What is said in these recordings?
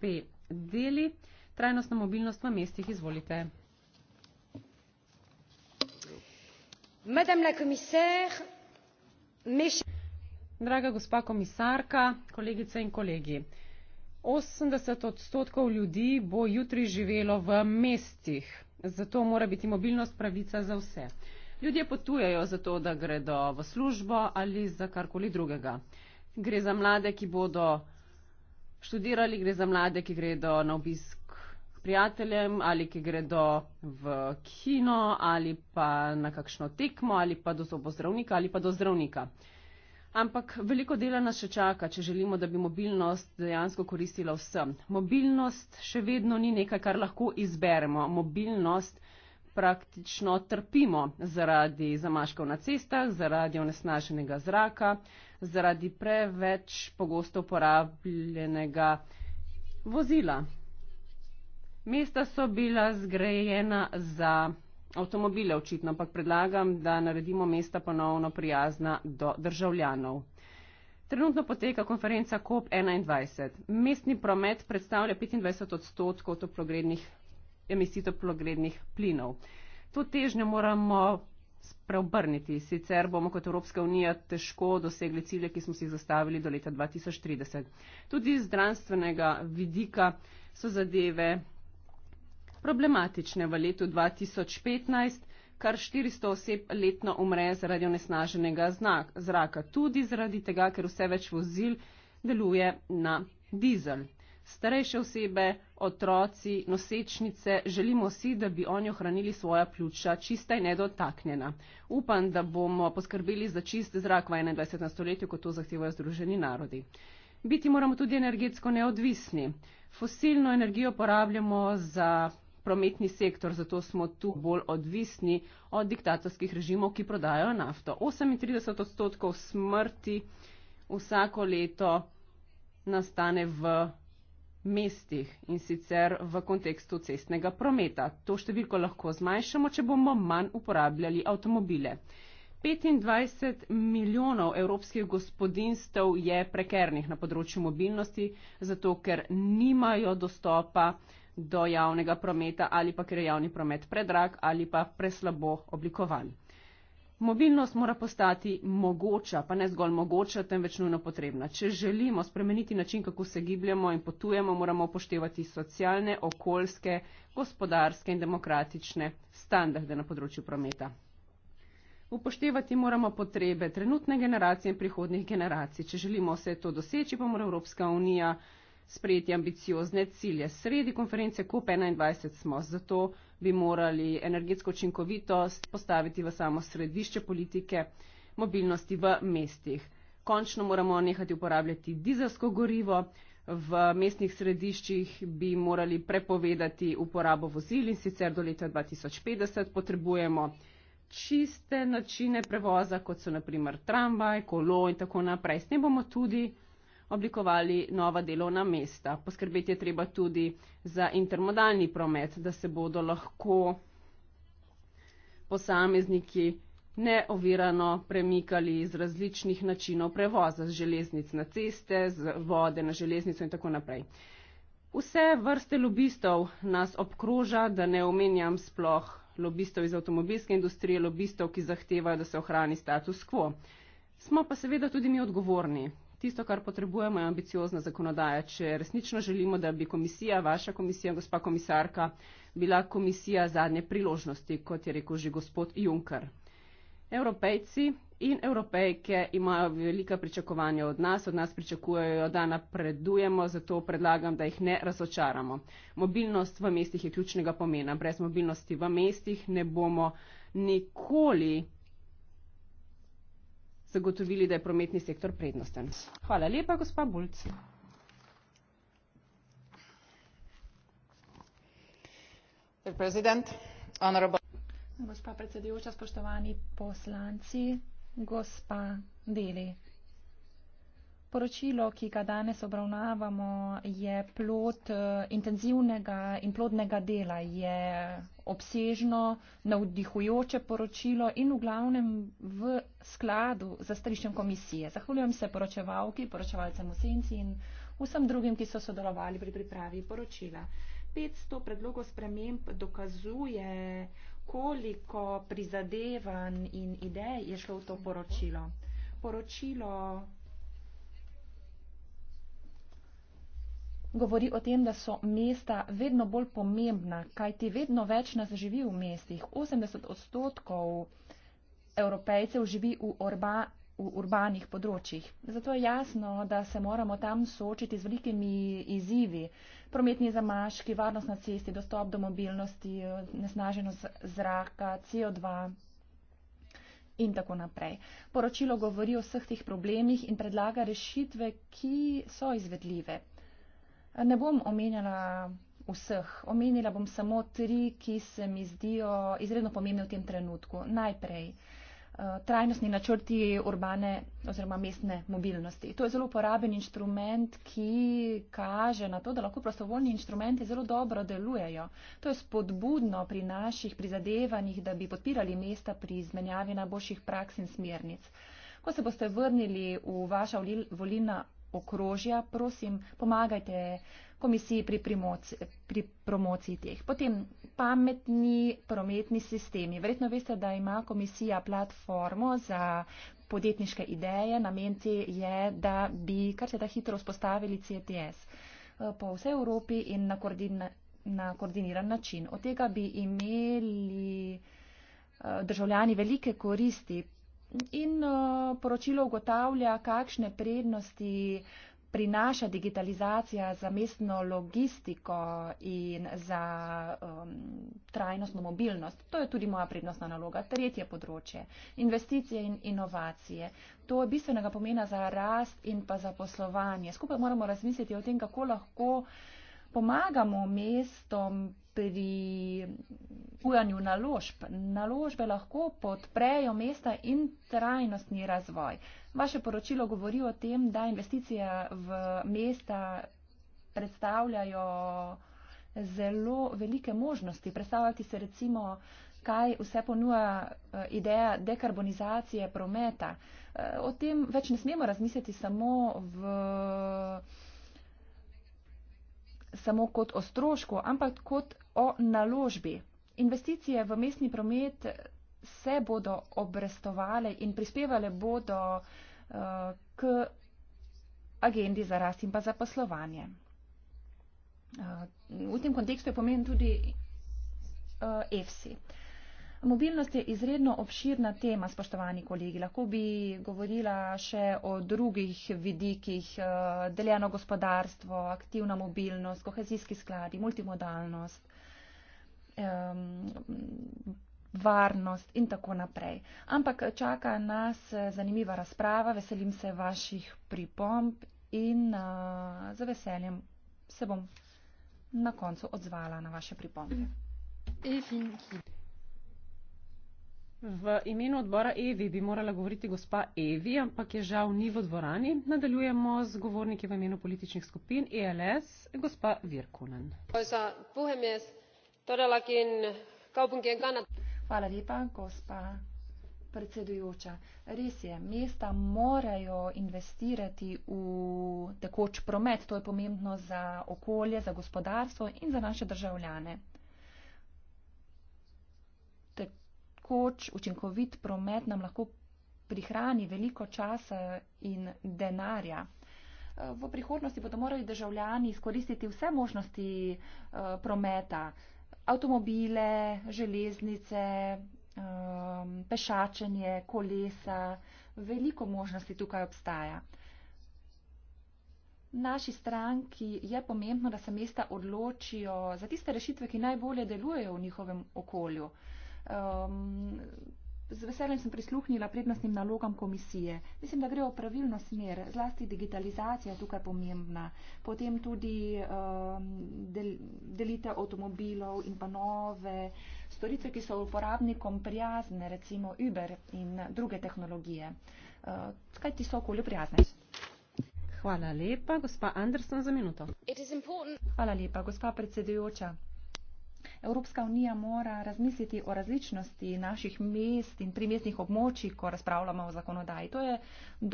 gospe Deli. Trajnostna mobilnost v mestih, izvolite. Madame la commissaire, mes... Draga gospa komisarka, kolegice in kolegi, 80 odstotkov ljudi bo jutri živelo v mestih, zato mora biti mobilnost pravica za vse. Ljudje potujejo za to, da gredo v službo ali za karkoli drugega. Gre za mlade, ki bodo študirali, gre za mlade, ki gredo na obisk k prijateljem ali ki gredo v kino ali pa na kakšno tekmo ali pa do zobozdravnika ali pa do zdravnika. Ampak veliko dela nas še čaka, če želimo, da bi mobilnost dejansko koristila vsem. Mobilnost še vedno ni nekaj, kar lahko izberemo. Mobilnost praktično trpimo zaradi zamaškov na cestah, zaradi onesnaženega zraka, zaradi preveč pogosto uporabljenega vozila. Mesta so bila zgrajena za avtomobile, očitno, ampak predlagam, da naredimo mesta ponovno prijazna do državljanov. Trenutno poteka konferenca COP21. Mestni promet predstavlja 25 odstotkov toplogrednih emisij toplogrednih plinov. To težnjo moramo spreobrniti, sicer bomo kot Evropska unija težko dosegli cilje, ki smo si jih zastavili do leta 2030. Tudi iz zdravstvenega vidika so zadeve problematične v letu 2015 kar 400 oseb letno umre zaradi onesnaženega zraka, tudi zaradi tega, ker vse več vozil deluje na dizel starejše osebe, otroci, nosečnice, želimo vsi, da bi oni ohranili svoja pljuča čista in nedotaknjena. Upam, da bomo poskrbeli za čist zrak v 21. stoletju, kot to zahtevajo Združeni narodi. Biti moramo tudi energetsko neodvisni. Fosilno energijo porabljamo za prometni sektor, zato smo tu bolj odvisni od diktatorskih režimov, ki prodajajo nafto. 38 odstotkov smrti vsako leto nastane v mestih in sicer v kontekstu cestnega prometa. To številko lahko zmanjšamo, če bomo manj uporabljali avtomobile. 25 milijonov evropskih gospodinstv je prekernih na področju mobilnosti, zato ker nimajo dostopa do javnega prometa ali pa ker je javni promet predrag ali pa preslabo oblikovan. Mobilnost mora postati mogoča, pa ne zgolj mogoča, temveč nujno potrebna. Če želimo spremeniti način, kako se gibljamo in potujemo, moramo upoštevati socialne, okoljske, gospodarske in demokratične standarde na področju prometa. Upoštevati moramo potrebe trenutne generacije in prihodnih generacij. Če želimo vse to doseči, pa mora Evropska unija sprejeti ambiciozne cilje. Sredi konference COP21 smo, zato bi morali energetsko učinkovitost postaviti v samo središče politike mobilnosti v mestih. Končno moramo nehati uporabljati dizelsko gorivo, v mestnih središčih bi morali prepovedati uporabo vozil in sicer do leta 2050 potrebujemo čiste načine prevoza, kot so naprimer tramvaj, kolo in tako naprej. S tem bomo tudi oblikovali nova delovna mesta. Poskrbeti je treba tudi za intermodalni promet, da se bodo lahko posamezniki neovirano premikali iz različnih načinov prevoza, z železnic na ceste, z vode na železnico in tako naprej. Vse vrste lobistov nas obkroža, da ne omenjam sploh lobistov iz avtomobilske industrije, lobistov, ki zahtevajo, da se ohrani status quo. Smo pa seveda tudi mi odgovorni, tisto, kar potrebujemo, je ambiciozna zakonodaja. Če resnično želimo, da bi komisija, vaša komisija, gospa komisarka, bila komisija zadnje priložnosti, kot je rekel že gospod Juncker. Evropejci in evropejke imajo velika pričakovanja od nas, od nas pričakujejo, da napredujemo, zato predlagam, da jih ne razočaramo. Mobilnost v mestih je ključnega pomena. Brez mobilnosti v mestih ne bomo nikoli zagotovili, da je prometni sektor prednosten. Hvala lepa, gospa Bulc. Gospa predsedujoča, spoštovani poslanci, gospa Deli. Poročilo, ki ga danes obravnavamo, je plot eh, intenzivnega in plodnega dela. Je obsežno, navdihujoče poročilo in v glavnem v skladu za striščem komisije. Zahvaljujem se poročevalki, poročevalcem v senci in vsem drugim, ki so sodelovali pri pripravi poročila. 500 predlogov sprememb dokazuje, koliko prizadevanj in idej je šlo v to poročilo. Poročilo Govori o tem, da so mesta vedno bolj pomembna, kajti vedno več nas živi v mestih. 80 odstotkov evropejcev živi v, urba, v urbanih področjih. Zato je jasno, da se moramo tam soočiti z velikimi izzivi. Prometni zamaški, varnost na cesti, dostop do mobilnosti, nesnaženost zraka, CO2. In tako naprej. Poročilo govori o vseh teh problemih in predlaga rešitve, ki so izvedljive. Ne bom omenjala vseh. Omenila bom samo tri, ki se mi zdijo izredno pomembne v tem trenutku. Najprej. Eh, trajnostni načrti urbane oziroma mestne mobilnosti. To je zelo uporaben inštrument, ki kaže na to, da lahko prostovoljni inštrumenti zelo dobro delujejo. To je spodbudno pri naših prizadevanjih, da bi podpirali mesta pri izmenjavi najboljših praks in smernic. Ko se boste vrnili v vaša volilna okrožja, prosim, pomagajte komisiji pri, primoci, pri promociji teh. Potem pametni prometni sistemi. Verjetno veste, da ima komisija platformo za podjetniške ideje. Namen te je, da bi kar se da hitro vzpostavili CTS eh, po vsej Evropi in na, koordina, na koordiniran način. Od tega bi imeli eh, državljani velike koristi in uh, poročilo ugotavlja, kakšne prednosti prinaša digitalizacija za mestno logistiko in za um, trajnostno mobilnost. To je tudi moja prednostna naloga. Tretje področje. Investicije in inovacije. To je bistvenega pomena za rast in pa za poslovanje. Skupaj moramo razmisliti o tem, kako lahko pomagamo mestom pri ujanju naložb. Naložbe lahko podprejo mesta in trajnostni razvoj. Vaše poročilo govori o tem, da investicije v mesta predstavljajo zelo velike možnosti. Predstavljati se recimo, kaj vse ponuja eh, ideja dekarbonizacije prometa. Eh, o tem več ne smemo razmisliti samo v samo kot o strošku, ampak kot o naložbi. Investicije v mestni promet se bodo obrestovale in prispevale bodo uh, k agendi za rast in pa za poslovanje. Uh, v tem kontekstu je pomen tudi uh, eh, EFSI. Uh, Mobilnost je izredno obširna tema, spoštovani kolegi. Lahko bi govorila še o drugih vidikih, eh, deljeno gospodarstvo, aktivna mobilnost, kohezijski skladi, multimodalnost, varnost in tako naprej. Ampak eh, čaka nas eh, zanimiva razprava, veselim se vaših pripomb in za veseljem se bom na koncu odzvala na vaše pripombe. Definitivno. V imenu odbora Evi bi morala govoriti gospa Evi, ampak je žal ni v dvorani. Nadaljujemo z govorniki v imenu političnih skupin ELS, gospa Virkunen. Hvala lepa, gospa predsedujoča. Res je, mesta morajo investirati v tekoč promet. To je pomembno za okolje, za gospodarstvo in za naše državljane. rekoč učinkovit promet nam lahko prihrani veliko časa in denarja. V prihodnosti bodo morali državljani izkoristiti vse možnosti eh, prometa, avtomobile, železnice, eh, pešačenje, kolesa, veliko možnosti tukaj obstaja. Naši stranki je pomembno, da se mesta odločijo za tiste rešitve, ki najbolje delujejo v njihovem okolju um, z veseljem sem prisluhnila prednostnim nalogam komisije. Mislim, da gre v pravilno smer, zlasti digitalizacija je tukaj pomembna, potem tudi um, del, delitev avtomobilov in pa nove storitve, ki so uporabnikom prijazne, recimo Uber in druge tehnologije. Uh, kaj ti so okolju prijazne? Hvala lepa, gospa Anderson, za minuto. Hvala lepa, gospa predsedujoča. Evropska unija mora razmisliti o različnosti naših mest in primestnih območij, ko razpravljamo o zakonodaji. To je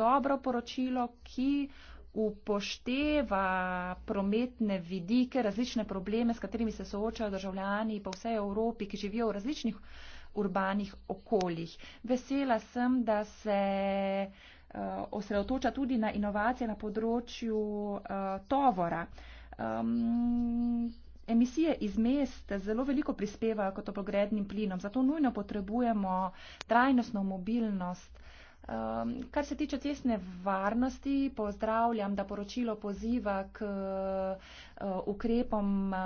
dobro poročilo, ki upošteva prometne vidike, različne probleme, s katerimi se soočajo državljani po vsej Evropi, ki živijo v različnih urbanih okoljih. Vesela sem, da se eh, osredotoča tudi na inovacije na področju uh, tovora. Um, Emisije iz mest zelo veliko prispevajo kot obogrednim plinom, zato nujno potrebujemo trajnostno mobilnost. Um, kar se tiče cestne varnosti, pozdravljam, da poročilo poziva k uh, ukrepom uh,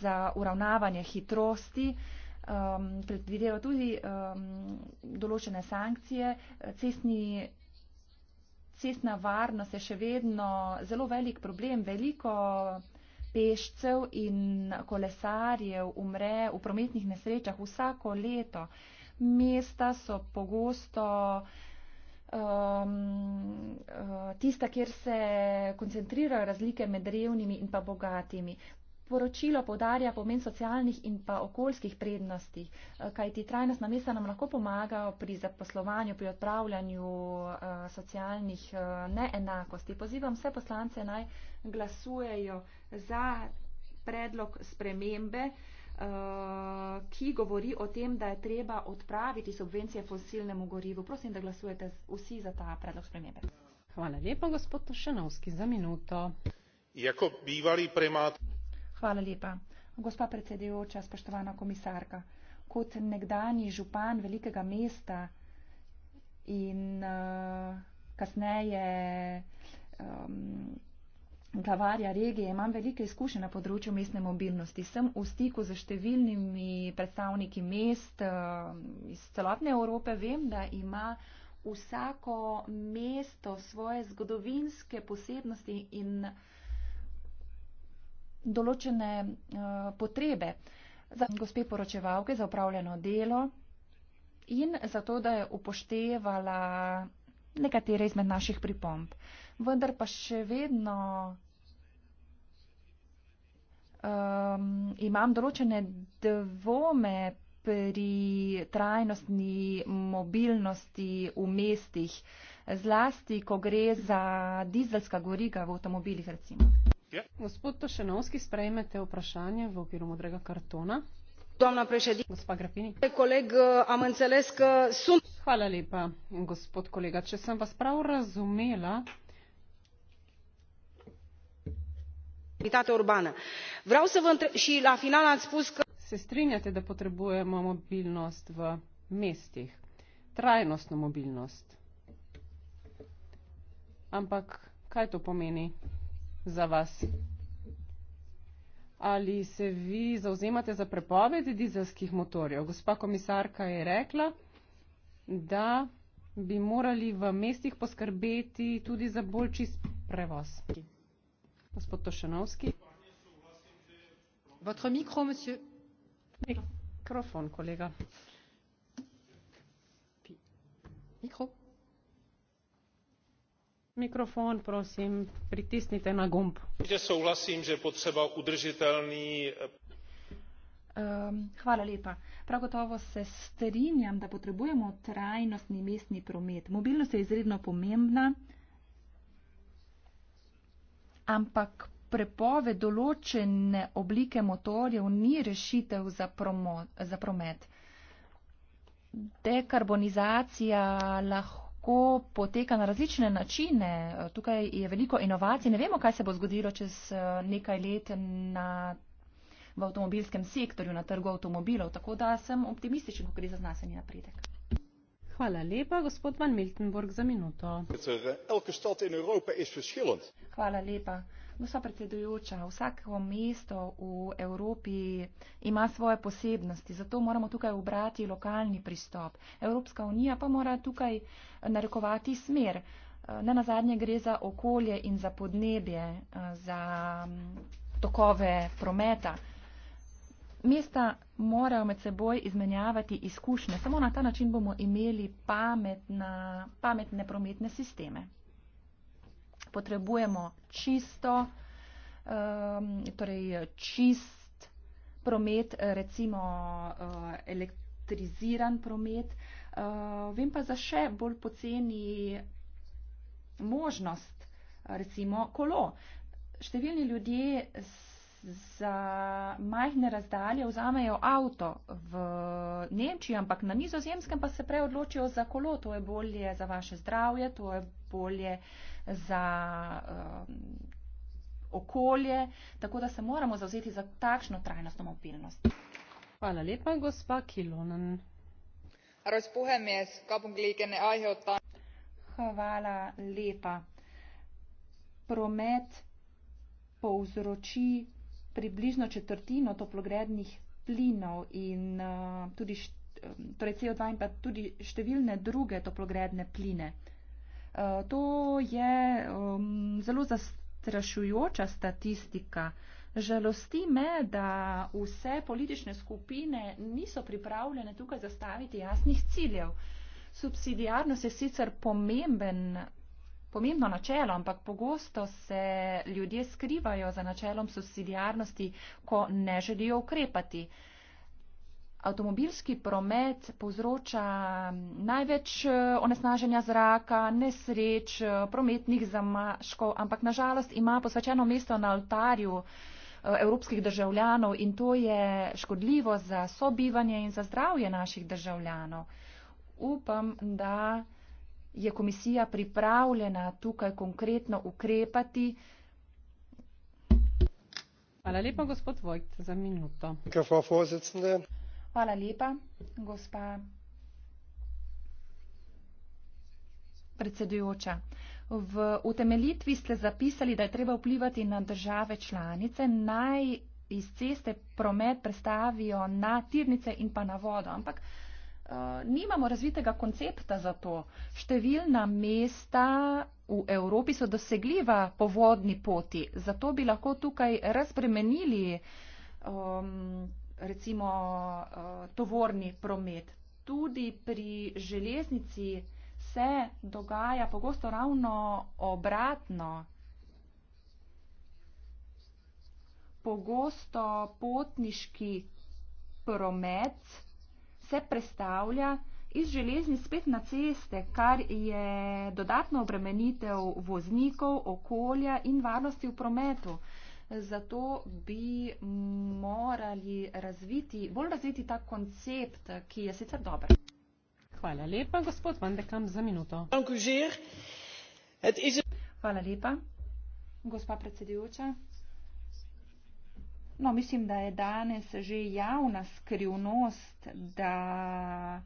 za uravnavanje hitrosti, um, ehm, predvideva tudi um, določene sankcije. Cestni, cestna varnost je še vedno zelo velik problem. Veliko, pešcev in kolesarjev umre v prometnih nesrečah vsako leto. Mesta so pogosto um, uh, tista, kjer se koncentrirajo razlike med revnimi in pa bogatimi. Poročilo podarja pomen socialnih in pa okoljskih prednosti, eh, kajti trajnostna mesta nam lahko pomagajo pri zaposlovanju, pri odpravljanju eh, socialnih eh, neenakosti. Pozivam vse poslance naj glasujejo za predlog spremembe, ki govori o tem, da je treba odpraviti subvencije fosilnemu gorivu. Prosim, da glasujete vsi za ta predlog spremembe. Hvala lepa, gospod Tošenovski, za minuto. Jako bývalý primátor. Hvala lepa. Gospa predsedujoča, spoštovana komisarka, kot nekdani župan velikega mesta in uh, kasneje um, glavarja regije, imam velike izkušnje na področju mestne mobilnosti. Sem v stiku z številnimi predstavniki mest uh, iz celotne Evrope. Vem, da ima vsako mesto svoje zgodovinske posebnosti in uh, določene uh, potrebe za gospe poročevalke, za upravljeno delo in za to, da je upoštevala nekatere izmed naših pripomb. Vendar pa še vedno um, imam določene dvome pri trajnostni mobilnosti v mestih, zlasti, ko gre za dizelska goriga v avtomobilih, recimo. Ja. Gospod Tošenovski, sprejmete vprašanje v okviru modrega kartona. Doamna președinte, gospa Grafini, coleg, am înțeles că sunt... Hvala lepa, gospod kolega. Če sem vas prav razumela, mobilitate urbană. Vreau să vă întreb și la final am spus că se strinjate da potrebujemo mobilnost v mestih. Trajnostno mobilnost. Ampak kaj to pomeni? za vas. Ali se vi zauzemate za prepoved dizelskih motorjev? Gospa komisarka je rekla, da bi morali v mestih poskrbeti tudi za bolj čist prevoz. Gospod Tošanovski. Votre mikro, monsieur. Mikrofon, kolega. Mikro. Mikrofon, prosím, pritisnite na gumb. Určite souhlasím, že potreba udržiteľný... Um, ehm, hvala lepa. Prav gotovo se strinjam, da potrebujemo trajnostni mestni promet. Mobilnost je izredno pomembna, ampak prepove določene oblike motorjev ni rešitev za, promo, za promet. Dekarbonizacija lahko lahko poteka na različne načine. Tukaj je veliko inovacij. Ne vemo, kaj se bo zgodilo čez eh, nekaj let na, v avtomobilskem sektorju, na trgu avtomobilov. Tako da sem optimističen, ko gre za znanstveni napredek. Hvala lepa, gospod Van Miltenburg, za minuto. Eh, Hvala lepa. Gospa predsedujoča, vsako mesto v Evropi ima svoje posebnosti, zato moramo tukaj obrati lokalni pristop. Evropska unija pa mora tukaj narekovati smer. Ne na zadnje gre za okolje in za podnebje, za tokove prometa. Mesta morajo med seboj izmenjavati izkušnje. Samo na ta način bomo imeli pametna, pametne prometne sisteme potrebujemo čisto, um, torej čist promet, recimo uh, elektriziran promet. Uh, vem pa za še bolj poceni možnost, recimo kolo. Številni ljudje za majhne razdalje vzamejo avto v Nemčiji, ampak na nizozemskem pa se prej odločijo za kolo. To je bolje za vaše zdravje, to je bolje za um, okolje, tako da se moramo zauzeti za takšno trajnostno mobilnost. Hvala lepa, gospa Kilonen. Arvoisa puhemies, kaupunkiliikenne aiheuttaa. Hvala lepa. Promet pouzroči približno četrtino toplogrednih plinov in uh, tudi torej CO2 in pa tudi številne druge toplogredne pline. Eh, to je um, zelo zastrašujoča statistika. Žalosti me, da vse politične skupine niso pripravljene tukaj zastaviti jasnih ciljev. Subsidijarnost je sicer pomemben pomembno načelo, ampak pogosto se ljudje skrivajo za načelom subsidijarnosti, ko ne želijo ukrepati. Avtomobilski promet povzroča največ eh, onesnaženja zraka, nesreč, eh, prometnih zamaškov, ampak nažalost ima posvečeno mesto na altarju eh, evropskih državljanov in to je škodljivo za sobivanje in za zdravje naših državljanov. Upam, da je komisija pripravljena tukaj konkretno ukrepati. Hvala lepa, gospod Vojt, za minuto. Hvala lepa, gospa predsedujoča. V utemelitvi ste zapisali, da je treba vplivati na države članice, naj iz ceste promet prestavijo na tirnice in pa na vodo. Ampak Eh, nimamo razvitega koncepta za to. Številna mesta v Evropi so dosegljiva po vodni poti, zato bi lahko tukaj razpremenili um, ehm, recimo uh, tovorni promet. Tudi pri železnici se dogaja pogosto ravno obratno. Pogosto potniški promet se prestavlja iz železni spet na ceste, kar je dodatno obremenitev voznikov, okolja in varnosti v prometu. Zato bi morali razviti, bolj razviti ta koncept, ki je sicer dober. Hvala lepa, gospod Vandekam, za minuto. Hvala lepa, gospa predsedujoča. No, mislim, da je danes že javna skrivnost, da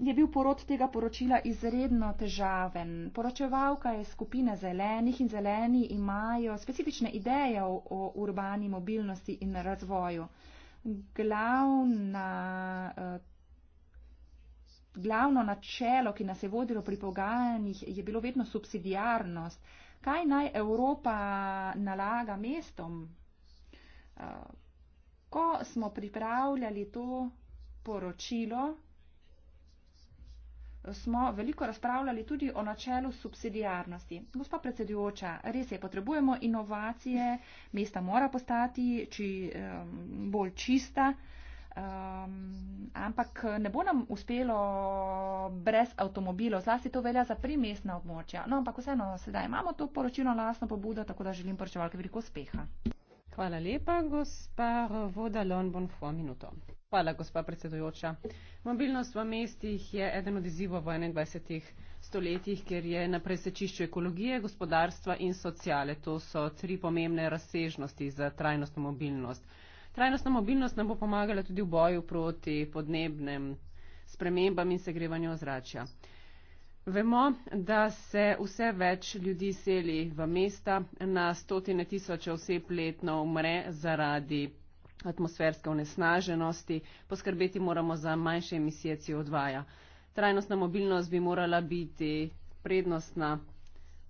je bil porod tega poročila izredno težaven. Poročevalka je skupina zelenih in zeleni imajo specifične ideje o urbani mobilnosti in razvoju. Glavna, eh, glavno načelo, ki nas je vodilo pri pogajanjih, je bilo vedno subsidijarnost kaj naj Evropa nalaga mestom. Eh, ko smo pripravljali to poročilo, smo veliko razpravljali tudi o načelu subsidijarnosti. Gospa predsedujoča, res je, potrebujemo inovacije, mesta mora postati či, eh, bolj čista, Um, ampak ne bo nam uspelo brez avtomobilov, zlasti to velja za primestna območja. No, ampak vseeno, sedaj imamo to poročilo na lasno pobudo, tako da želim poročevalke veliko uspeha. Hvala lepa, gospa Vodalon Bonfo, minuto. Hvala, gospa predsedujoča. Mobilnost v mestih je eden od izzivov v 21. stoletjih, ker je na presečišču ekologije, gospodarstva in sociale. To so tri pomembne razsežnosti za trajnostno mobilnost. Trajnostna mobilnost nam bo pomagala tudi v boju proti podnebnem spremembam in segrevanju ozračja. Vemo, da se vse več ljudi seli v mesta, na stotine tisoče oseb letno umre zaradi atmosferske onesnaženosti, poskrbeti moramo za manjše emisije CO2. Trajnostna mobilnost bi morala biti prednostna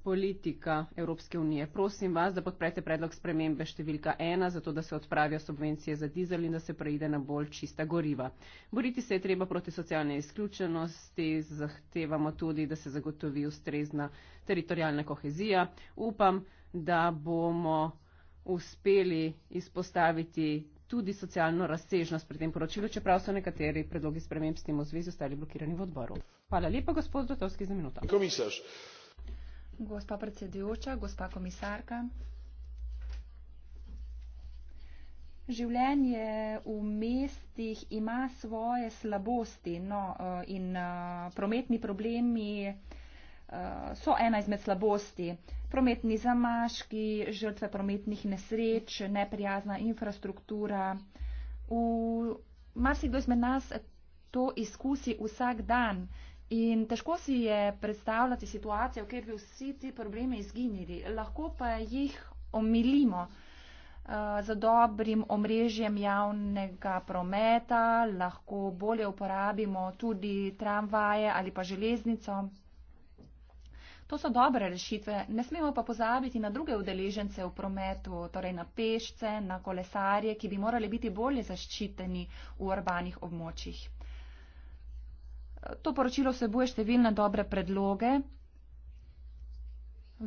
politika Evropske unije. Prosim vas, da podprete predlog spremembe številka ena, zato da se odpravijo subvencije za dizel in da se preide na bolj čista goriva. Boriti se je treba proti socialne izključenosti, zahtevamo tudi, da se zagotovi ustrezna teritorijalna kohezija. Upam, da bomo uspeli izpostaviti tudi socialno razsežnost pri tem poročilu, čeprav so nekateri predlogi sprememb s tem v zvezi ostali blokirani v odboru. Hvala lepa, gospod Zotovski, za minuto. Komisar gospa predsedujoča, gospa komisarka. Življenje v mestih ima svoje slabosti no, eh, in eh, prometni problemi eh, so ena izmed slabosti. Prometni zamaški, žrtve prometnih nesreč, neprijazna infrastruktura. V marsikdo izmed nas to izkusi vsak dan. In težko si je predstavljati situacijo, kjer bi vsi ti problemi izginili. Lahko pa jih omilimo uh, z dobrim omrežjem javnega prometa, lahko bolje uporabimo tudi tramvaje ali pa železnico. To so dobre rešitve, ne smemo pa pozabiti na druge udeležence v prometu, torej na pešce, na kolesarje, ki bi morali biti bolje zaščiteni v urbanih območjih. To poročilo vsebuje številne dobre predloge,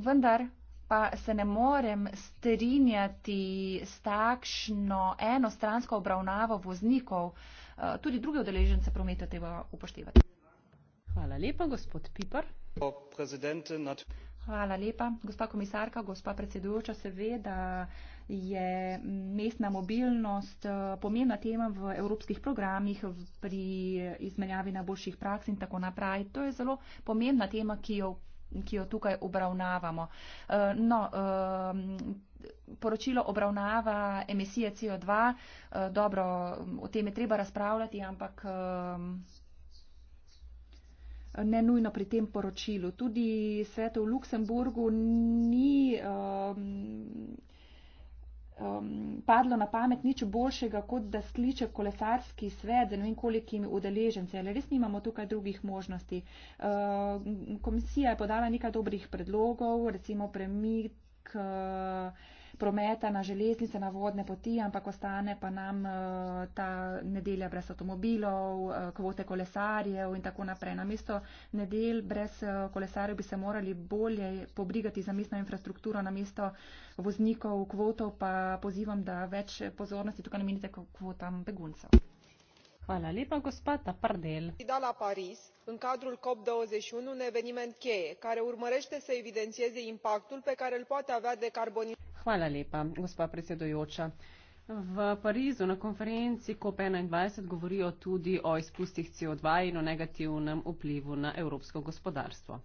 vendar pa se ne morem strinjati s takšno enostransko obravnavo voznikov. Eh, tudi druge odeležence prometa treba upoštevati. Hvala lepa, gospod Piper. Hvala lepa, gospa komisarka, gospa predsedujoča, seveda je mestna mobilnost eh, pomembna tema v evropskih programih pri izmenjavi najboljših praks in tako naprej. To je zelo pomembna tema, ki jo ki jo tukaj obravnavamo. Eh, no, ehm, poročilo obravnava emisije CO2. Eh, dobro, o tem je treba razpravljati, ampak ehm, ne nujno pri tem poročilu. Tudi svet v Luksemburgu ni ehm, um, padlo na pamet nič boljšega, kot da skliče kolesarski svet za ne vem kolikimi udeleženci, ali res nimamo tukaj drugih možnosti. Uh, komisija je podala nekaj dobrih predlogov, recimo premik. Uh, prometa na železnice, na vodne poti, ampak ostane pa nam eh, ta nedelja brez avtomobilov, eh, kvote kolesarjev in tako naprej. Namesto nedelj brez eh, kolesarjev bi se morali bolje pobrigati za mestno infrastrukturo, namesto voznikov kvotov pa pozivam, da več pozornosti tukaj namenite kvotam beguncev. Hvala lepa, gospa Tapardel. La Paris, în cadrul COP21, un eveniment cheie, care urmărește să evidențieze impactul pe care îl poate avea decarbonizarea. Hvala lepa, gospa predsedujoča. V Parizu na konferenci COP21 govorijo tudi o izpustih CO2 in o negativnem vplivu na evropsko gospodarstvo.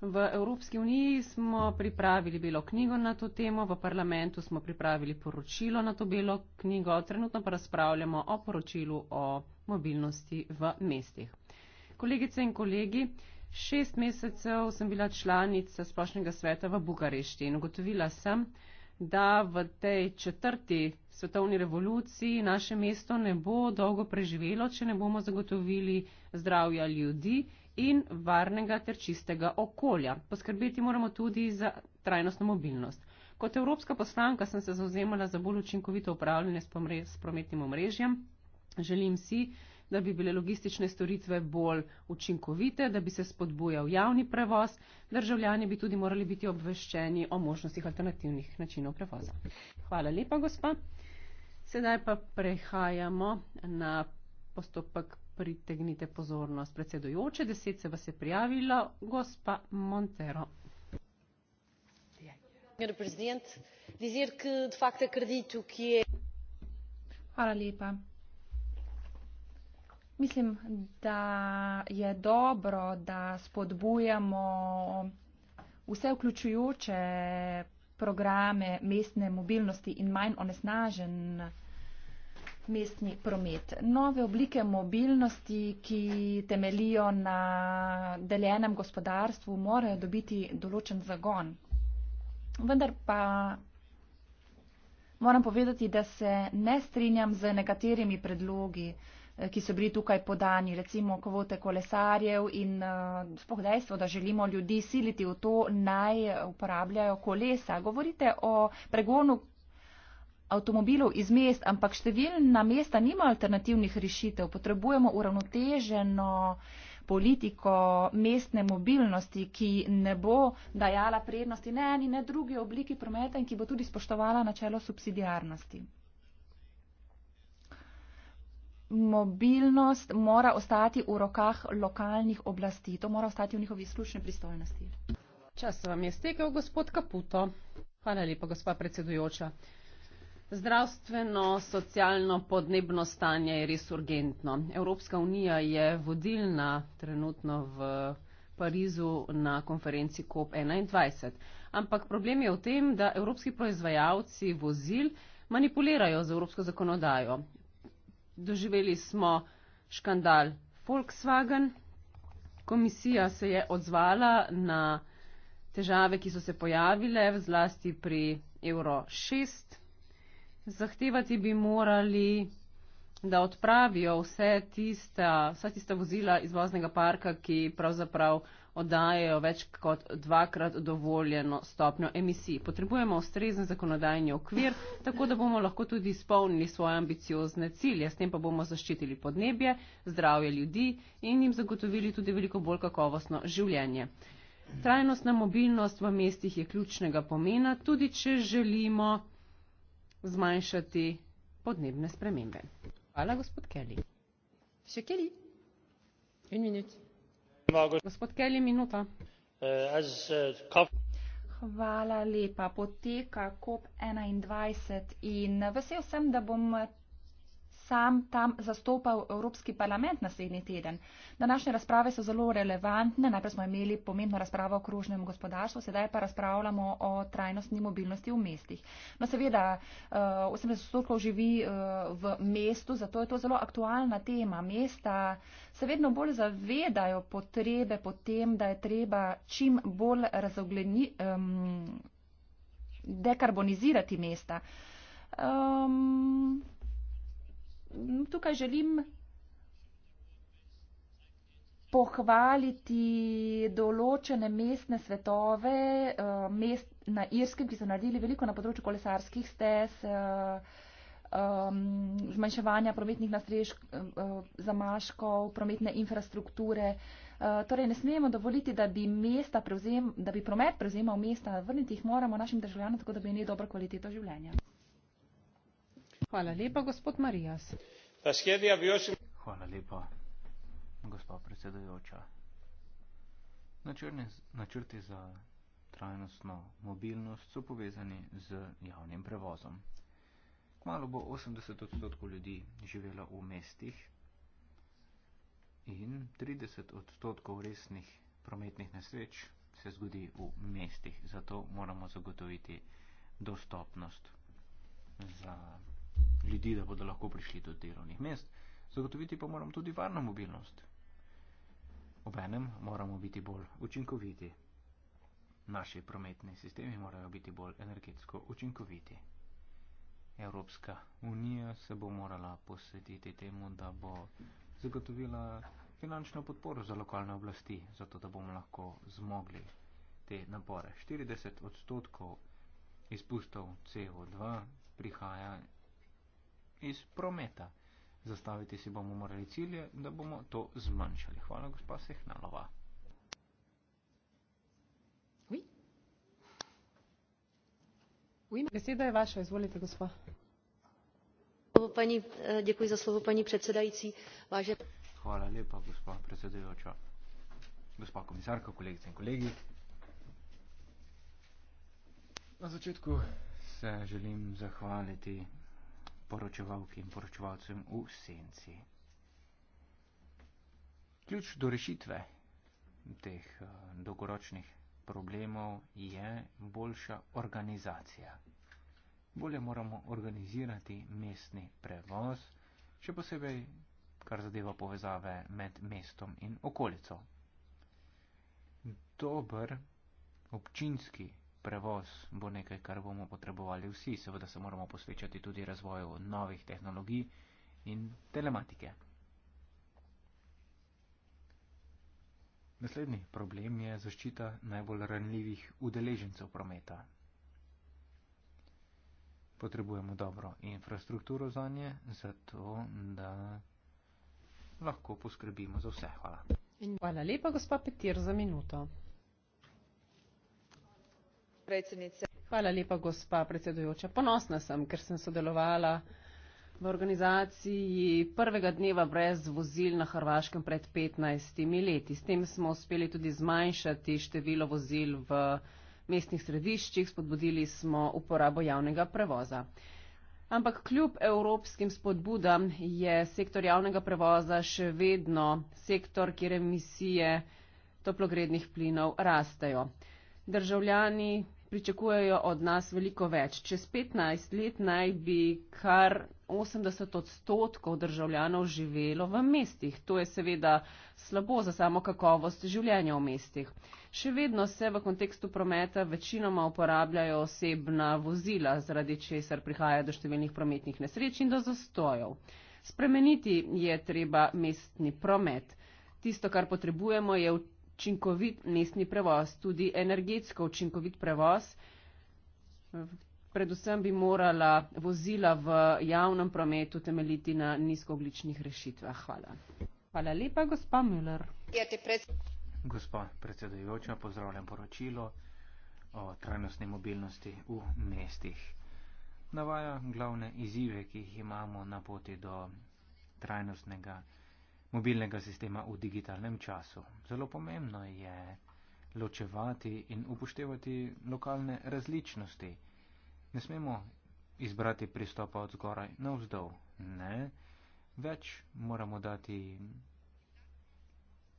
V Evropski uniji smo pripravili belo knjigo na to temo, v parlamentu smo pripravili poročilo na to belo knjigo, trenutno pa razpravljamo o poročilu o mobilnosti v mestih. Kolegice in kolegi, šest mesecev sem bila članica splošnega sveta v Bukarešti in ugotovila sem, da v tej četrti svetovni revoluciji naše mesto ne bo dolgo preživelo, če ne bomo zagotovili zdravja ljudi in varnega ter čistega okolja. Poskrbeti moramo tudi za trajnostno mobilnost. Kot evropska poslanka sem se zauzemala za bolj učinkovito upravljanje s, pomre, s prometnim omrežjem. Želim si, da bi bile logistične storitve bolj učinkovite, da bi se spodbujal javni prevoz, državljani bi tudi morali biti obveščeni o možnostih alternativnih načinov prevoza. Hvala lepa, gospa. Sedaj pa prehajamo na postopek pritegnite pozornost. Predsedujoče, deset se vas je prijavila, gospa Montero. Hvala lepa. Mislim, da je dobro, da spodbujamo vse vključujoče programe mestne mobilnosti in manj onesnažen mestni promet. Nove oblike mobilnosti, ki temelijo na deljenem gospodarstvu, morajo dobiti določen zagon. Vendar pa moram povedati, da se ne strinjam z nekaterimi predlogi, eh, ki so bili tukaj podani, recimo kvote kolesarjev in eh, spoh dejstvo, da želimo ljudi siliti v to, naj uporabljajo kolesa. Govorite o pregonu avtomobilov iz mest, ampak številna mesta nima alternativnih rešitev. Potrebujemo uravnoteženo politiko mestne mobilnosti, ki ne bo dajala prednosti ne eni, ne drugi obliki prometa in ki bo tudi spoštovala načelo subsidijarnosti. Mobilnost mora ostati v rokah lokalnih oblasti, to mora ostati v njihovi izključni pristojnosti. Čas vam je stekel, gospod Kaputo. Hvala lepa, gospa predsedujoča. Zdravstveno, socialno, podnebno stanje je res urgentno. Evropska unija je vodilna trenutno v Parizu na konferenci COP21. Ampak problem je v tem, da evropski proizvajalci vozil manipulirajo z evropsko zakonodajo. Doživeli smo škandal Volkswagen. Komisija se je odzvala na težave, ki so se pojavile, zlasti pri Euro 6 zahtevati bi morali, da odpravijo vse tista, vsa tista vozila izvoznega parka, ki pravzaprav oddajajo več kot dvakrat dovoljeno stopnjo emisij. Potrebujemo ustrezen zakonodajni okvir, tako da bomo lahko tudi izpolnili svoje ambiciozne cilje. S tem pa bomo zaščitili podnebje, zdravje ljudi in jim zagotovili tudi veliko bolj kakovostno življenje. Trajnostna mobilnost v mestih je ključnega pomena, tudi če želimo zmanjšati podnebne spremembe. Hvala, gospod Kelly. Še Kelly? En minut. Gospod Kelly, minuta. Eh, eh, Hvala lepa. Poteka COP21 in vesel sem, da bom sam tam zastopal Evropski parlament naslednji teden. Današnje razprave so zelo relevantne. Najprej smo imeli pomembno razpravo o krožnem gospodarstvu, sedaj pa razpravljamo o trajnostni mobilnosti v mestih. No seveda, 80% eh, živi eh, v mestu, zato je to zelo aktualna tema. Mesta se vedno bolj zavedajo potrebe po tem, da je treba čim bolj razogleni, um, dekarbonizirati mesta. Um, tukaj želim pohvaliti določene mestne svetove eh, mest na Irskem, ki so naredili veliko na področju kolesarskih stez, eh, zmanjševanja prometnih eh, zamaškov, prometne infrastrukture. Torej ne smemo dovoliti, da bi, mesta prevzem, da bi promet prevzemal mesta, vrniti jih moramo našim državljanom, tako da bi imeli dobro kvaliteto življenja. Hvala lepa, gospod Marijas. Hvala lepa, gospod predsedujoča. Načrti za trajnostno mobilnost so povezani z javnim prevozom. Kmalo bo 80 odstotkov ljudi živelo v mestih in 30 odstotkov resnih prometnih nesreč se zgodi v mestih. Zato moramo zagotoviti dostopnost za ljudi, da bodo lahko prišli do delovnih mest, zagotoviti pa moramo tudi varno mobilnost. Obenem moramo biti bolj učinkoviti. Naši prometni sistemi morajo biti bolj energetsko učinkoviti. Evropska unija se bo morala posvetiti temu, da bo zagotovila finančno podporo za lokalne oblasti, zato da bomo lahko zmogli te napore. 40 odstotkov izpustov CO2 prihaja iz prometa. Zastaviti si bomo morali cilje, da bomo to zmanjšali. Hvala, gospa Sehnalova. Oui. Oui. Beseda je vaša, izvolite, gospa. Pani, eh, děkuji za slovo, paní předsedající. Váže... Hvala lepa, gospa predsedujoča. Gospa komisarka, kolegice in kolegi. Na začetku se želim zahvaliti poročevalke in poročevalcem v senci. Ključ do rešitve teh eh, dolgoročnih problemov je boljša organizacija. Bolje moramo organizirati mestni prevoz, še posebej, kar zadeva povezave med mestom in okolico. Dober občinski prevoz bo nekaj, kar bomo potrebovali vsi, seveda se moramo posvečati tudi razvoju novih tehnologij in telematike. Naslednji problem je zaščita najbolj ranljivih udeležencev prometa. Potrebujemo dobro infrastrukturo za nje, zato da lahko poskrbimo za vse. Hvala. In hvala lepa, gospa Petir, za minuto. Hvala lepa, gospa predsedujoča. Ponosna sem, ker sem sodelovala v organizaciji prvega dneva brez vozil na Hrvaškem pred 15 leti. S tem smo uspeli tudi zmanjšati število vozil v mestnih središčih, spodbudili smo uporabo javnega prevoza. Ampak kljub evropskim spodbudam je sektor javnega prevoza še vedno sektor, kjer emisije toplogrednih plinov rastejo. Državljani pričakujejo od nas veliko več. Čez 15 let naj bi kar 80 odstotkov državljanov živelo v mestih. To je seveda slabo za samo kakovost življenja v mestih. Še vedno se v kontekstu prometa večinoma uporabljajo osebna vozila, zaradi česar prihaja do številnih prometnih nesreč in do zastojev. Spremeniti je treba mestni promet. Tisto, kar potrebujemo, je v učinkovit mestni prevoz, tudi energetsko učinkovit prevoz. Predvsem bi morala vozila v javnem prometu temeljiti na nizkogličnih rešitvah. Hvala. Hvala lepa, gospa Müller. Gospa predsedujoča, pozdravljam poročilo o trajnostni mobilnosti v mestih. Navaja glavne izzive, ki jih imamo na poti do trajnostnega mobilnega sistema v digitalnem času. Zelo pomembno je ločevati in upoštevati lokalne različnosti. Ne smemo izbrati pristopa od zgoraj na vzdolj, ne, več moramo dati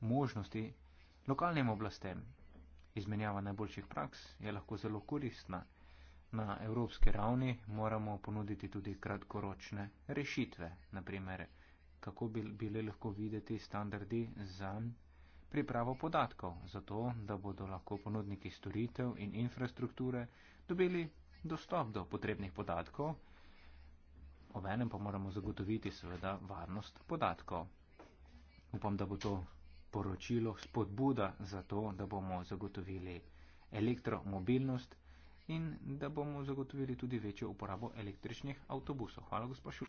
možnosti lokalnim oblastem. Izmenjava najboljših praks je lahko zelo koristna. Na evropski ravni moramo ponuditi tudi kratkoročne rešitve, naprimer kako bi bile lahko videti standardi za pripravo podatkov, zato da bodo lahko ponudniki storitev in infrastrukture dobili dostop do potrebnih podatkov, obenem pa moramo zagotoviti seveda varnost podatkov. Upam, da bo to poročilo spodbuda za to, da bomo zagotovili elektromobilnost in da bomo zagotovili tudi večjo uporabo električnih avtobusov. Hvala, gospod Šuš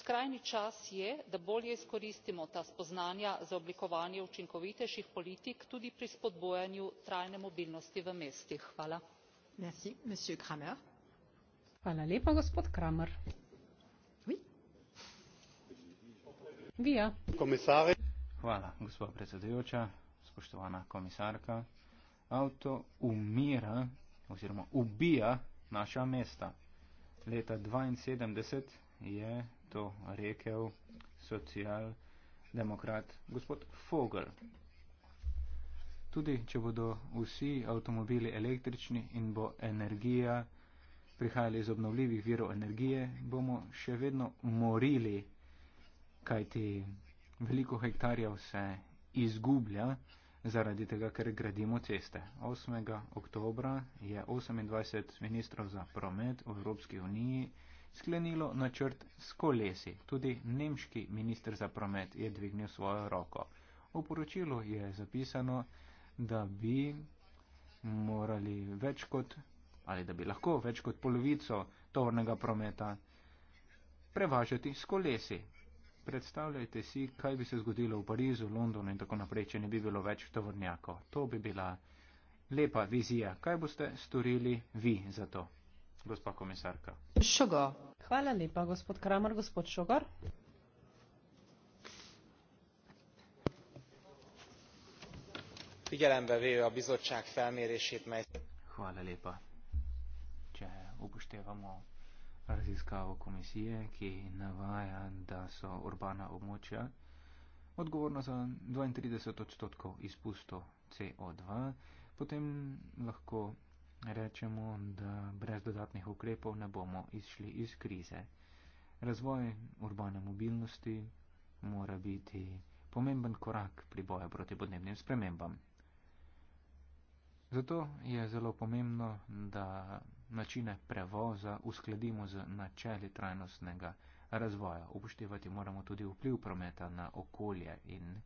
skrajni čas je da bolje izkoristimo ta spoznanja za oblikovanje učinkovitejših politik tudi pri spodbujanju trajne mobilnosti v mestih. Ja. avto umira oziroma ubija naša mesta. leta dvainsedemdeset je to rekel socialdemokrat gospod Fogel. Tudi, če bodo vsi avtomobili električni in bo energija prihajala iz obnovljivih virov energije, bomo še vedno morili, kajti veliko hektarjev se izgublja zaradi tega, ker gradimo ceste. 8. oktobra je 28 ministrov za promet v Evropski uniji sklenilo načrt s kolesi. Tudi nemški minister za promet je dvignil svojo roko. V poročilu je zapisano, da bi morali več kot ali da bi lahko več kot polovico tovornega prometa prevažati s kolesi. Predstavljajte si, kaj bi se zgodilo v Parizu, Londonu in tako naprej, če ne bi bilo več tovornjakov. To bi bila lepa vizija. Kaj boste storili vi za to, gospa komisarka? Šogo. Hvala lepa, gospod Kramer. Gospod Šogar. Figyelembe véve a bizottság felmérését, mely... Hvala lepa. Če upoštevamo raziskavo komisije, ki navaja, da so urbana območja odgovorna za 32 odstotkov izpustov CO2, potem lahko rečemo, da brez dodatnih ukrepov ne bomo izšli iz krize. Razvoj urbane mobilnosti mora biti pomemben korak pri boju proti podnebnim spremembam. Zato je zelo pomembno, da načine prevoza uskladimo z načeli trajnostnega razvoja. Upoštevati moramo tudi vpliv prometa na okolje in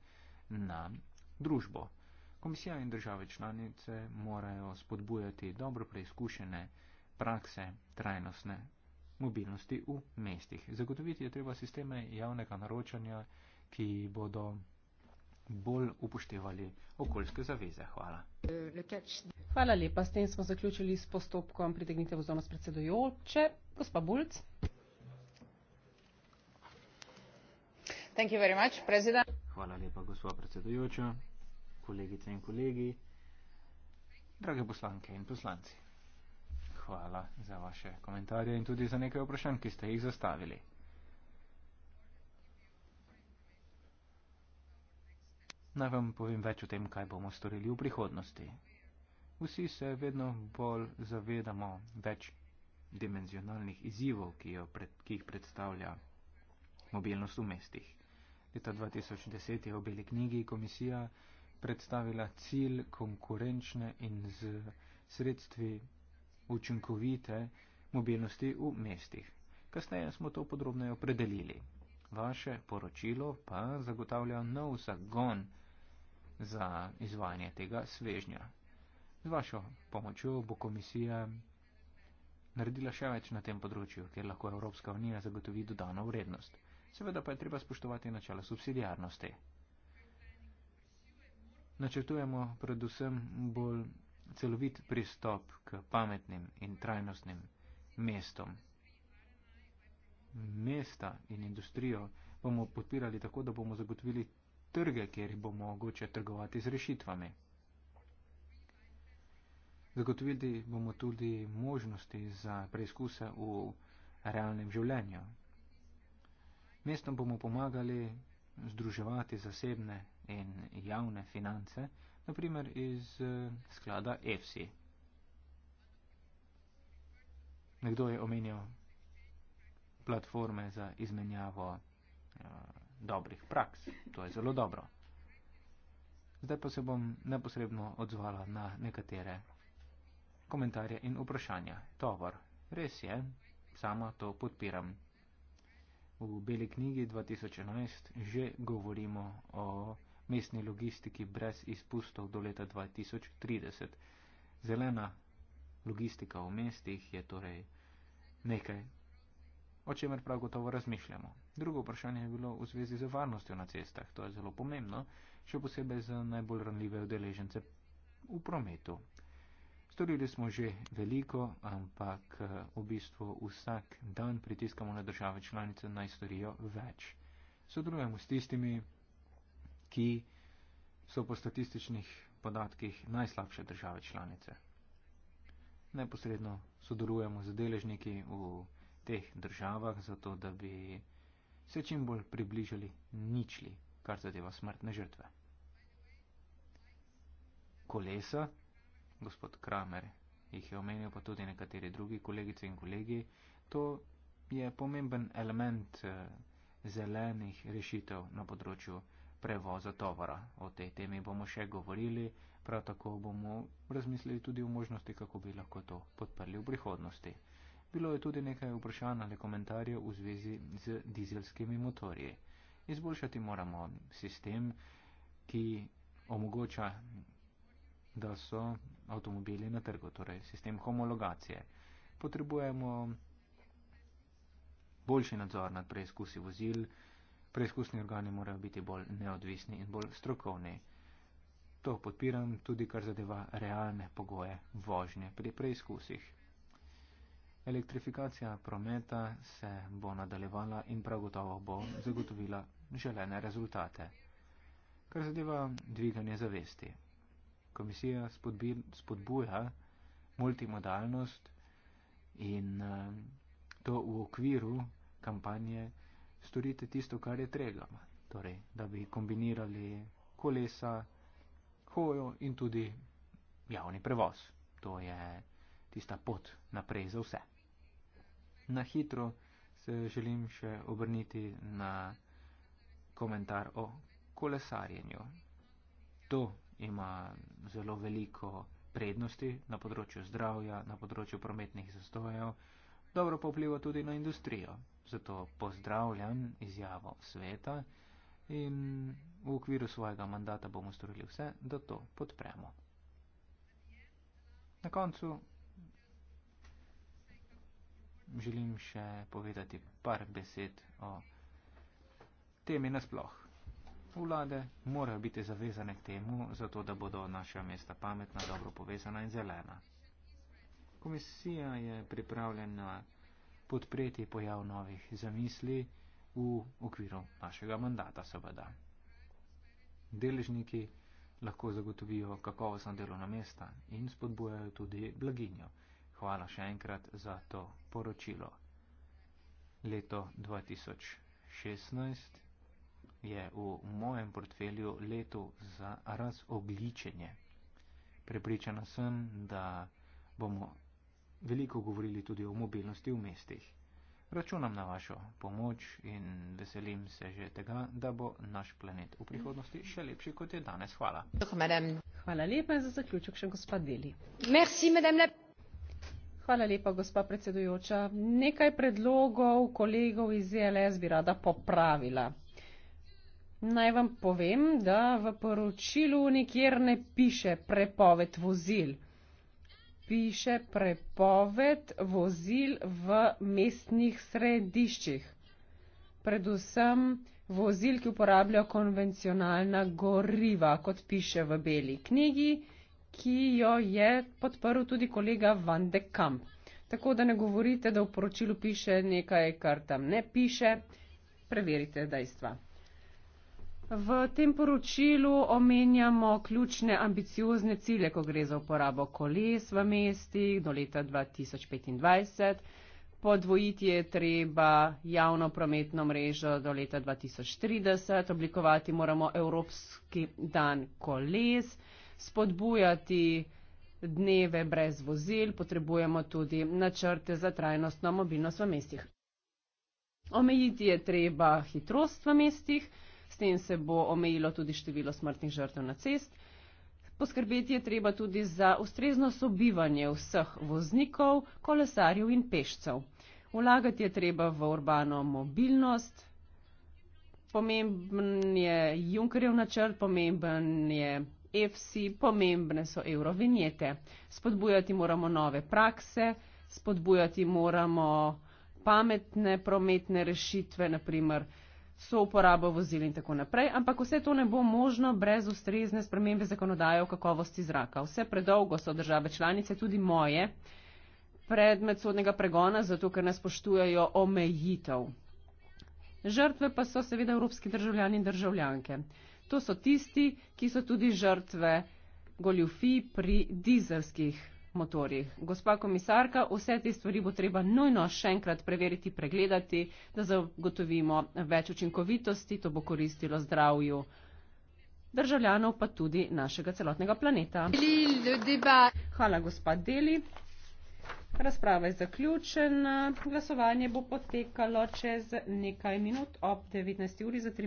na družbo. Komisija in države članice morajo spodbujati dobro preizkušene prakse trajnostne mobilnosti v mestih. Zagotoviti je treba sisteme javnega naročanja, ki bodo bolj upoštevali okoljske zaveze. Hvala. Hvala lepa. S tem smo zaključili s postopkom pritegnite vzornost predsedojoče. Gospa Bulc. Hvala lepa, gospod predsedujoča kolegice in kolegi, drage poslanke in poslanci. Hvala za vaše komentarje in tudi za nekaj vprašanj, ki ste jih zastavili. Naj vam povem več o tem, kaj bomo storili v prihodnosti. Vsi se vedno bolj zavedamo več dimenzionalnih izzivov, ki, jo, ki jih predstavlja mobilnost v mestih. Leta 2010 je v Beli knjigi komisija predstavila cilj konkurenčne in z sredstvi učinkovite mobilnosti v mestih. Kasneje smo to podrobno opredelili. Vaše poročilo pa zagotavlja nov zagon za izvajanje tega svežnja. Z vašo pomočjo bo komisija naredila še več na tem področju, kjer lahko Evropska unija zagotovi dodano vrednost. Seveda pa je treba spoštovati načela subsidijarnosti načrtujemo predvsem bolj celovit pristop k pametnim in trajnostnim mestom. Mesta in industrijo bomo podpirali tako, da bomo zagotovili trge, kjer jih bomo mogoče trgovati z rešitvami. Zagotovili bomo tudi možnosti za preizkuse v realnem življenju. Mestom bomo pomagali združevati zasebne in javne finance, naprimer iz uh, sklada EFSI. Nekdo je omenjal platforme za izmenjavo uh, dobrih praks. To je zelo dobro. Zdaj pa se bom neposredno odzvala na nekatere komentarje in vprašanja. Tovor, res je, sama to podpiram. V Beli knjigi 2011 že govorimo o mestni logistiki brez izpustov do leta 2030. Zelena logistika v mestih je torej nekaj, o čemer prav gotovo razmišljamo. Drugo vprašanje je bilo v zvezi z varnostjo na cestah. To je zelo pomembno, še posebej za najbolj ranljive udeležence v prometu. Storili smo že veliko, ampak v bistvu vsak dan pritiskamo na države članice naj storijo več. Sodelujemo s tistimi, ki so po statističnih podatkih najslabše države članice. Neposredno sodelujemo z deležniki v teh državah, zato da bi se čim bolj približali ničli, kar zadeva smrtne žrtve. Kolesa, gospod Kramer, jih je omenil pa tudi nekateri drugi kolegice in kolegi, to je pomemben element eh, zelenih rešitev na področju prevoza tovora. O tej temi bomo še govorili, prav tako bomo razmislili tudi o možnosti, kako bi lahko to podprli v prihodnosti. Bilo je tudi nekaj vprašanj ali komentarjev v zvezi z dizelskimi motorji. Izboljšati moramo sistem, ki omogoča, da so avtomobili na trgu, torej sistem homologacije. Potrebujemo boljši nadzor nad preizkusi vozil, preizkusni organi morajo biti bolj neodvisni in bolj strokovni. To podpiram tudi, kar zadeva realne pogoje vožnje pri preizkusih. Elektrifikacija prometa se bo nadaljevala in prav gotovo bo zagotovila želene rezultate. Kar zadeva dviganje zavesti. Komisija spodbuja multimodalnost in eh, to v okviru kampanje storite tisto, kar je treba. Torej, da bi kombinirali kolesa, hojo in tudi javni prevoz. To je tista pot naprej za vse. Na hitro se želim še obrniti na komentar o kolesarjenju. To ima zelo veliko prednosti na področju zdravja, na področju prometnih zastojev dobro pa vpliva tudi na industrijo. Zato pozdravljam izjavo sveta in v okviru svojega mandata bomo storili vse, da to podpremo. Na koncu želim še povedati par besed o temi nasploh. Vlade morajo biti zavezane k temu, zato da bodo naša mesta pametna, dobro povezana in zelena. Komisija je pripravljena podpreti pojav novih zamisli v okviru našega mandata, seveda. Deležniki lahko zagotovijo kakovostno delovno mesta in spodbujajo tudi blaginjo. Hvala še enkrat za to poročilo. Leto 2016 je v mojem portfelju leto za razobličenje. Prepričana sem, da bomo veliko govorili tudi o mobilnosti v mestih. Računam na vašo pomoč in veselim se že tega, da bo naš planet v prihodnosti še lepši, kot je danes. Hvala. Hvala lepa za zaključek še gospod Deli. Merci, Hvala lepa, gospa predsedujoča. Nekaj predlogov kolegov iz ZLS e bi rada popravila. Naj vam povem, da v poročilu nikjer ne piše prepoved vozil piše prepoved vozil v mestnih središčih, predvsem vozil, ki uporabljajo konvencionalna goriva, kot piše v beli knjigi, ki jo je podprl tudi kolega Van de Kamp. Tako da ne govorite, da v poročilu piše nekaj, kar tam ne piše, preverite dejstva. V tem poročilu omenjamo ključne ambiciozne cilje, ko gre za uporabo koles v mestih do leta 2025. Podvojiti je treba javno prometno mrežo do leta 2030, oblikovati moramo Evropski dan koles, spodbujati dneve brez vozil, potrebujemo tudi načrte za trajnostno mobilnost v mestih. Omejiti je treba hitrost v mestih. S tem se bo omejilo tudi število smrtnih žrtev na cest. Poskrbeti je treba tudi za ustrezno sobivanje vseh voznikov, kolesarjev in pešcev. Ulagati je treba v urbano mobilnost. Pomemben je Junkerjev načrt, pomemben je EFSI, pomembne so eurovinjete. Spodbujati moramo nove prakse, spodbujati moramo pametne prometne rešitve, naprimer so uporabo vozil in tako naprej, ampak vse to ne bo možno brez ustrezne spremembe zakonodaje o kakovosti zraka. Vse predolgo so države članice, tudi moje, predmet sodnega pregona, zato ker ne spoštujejo omejitev. Žrtve pa so seveda evropski državljani in državljanke. To so tisti, ki so tudi žrtve goljufi pri dizelskih motorjih. Gospa komisarka, vse te stvari bo treba nujno še enkrat preveriti, pregledati, da zagotovimo več učinkovitosti, to bo koristilo zdravju državljanov, pa tudi našega celotnega planeta. Hvala, gospod Deli. Razprava je zaključena. Glasovanje bo potekalo čez nekaj minut ob 19. uri za 3.